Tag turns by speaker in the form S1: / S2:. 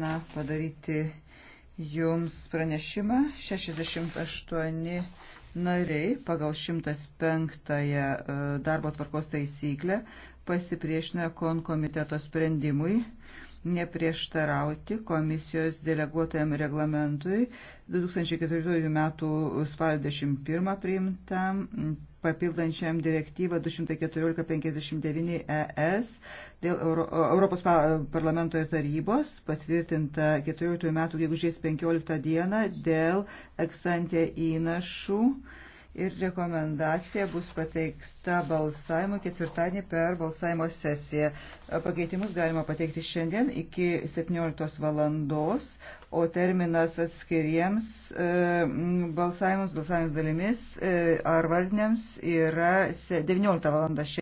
S1: Na, padaryti jums pranešimą. 68 nariai pagal 105 e, darbo tvarkos taisyklę pasipriešina konkomiteto sprendimui neprieštarauti komisijos deleguotajam reglamentui 2014 m. spalio 21 priimtam papildančiam direktyvą 214-59 ES dėl Europos parlamento ir tarybos patvirtinta 14 metų gegužės 15 dieną dėl eksantė įnašų ir rekomendacija bus pateikta balsavimo ketvirtadienį per balsavimo sesiją. Pakeitimus galima pateikti šiandien iki 17 valandos, o terminas atskiriems e, balsavimams, balsavimams dalimis e, ar vardiniams yra 19 valandas.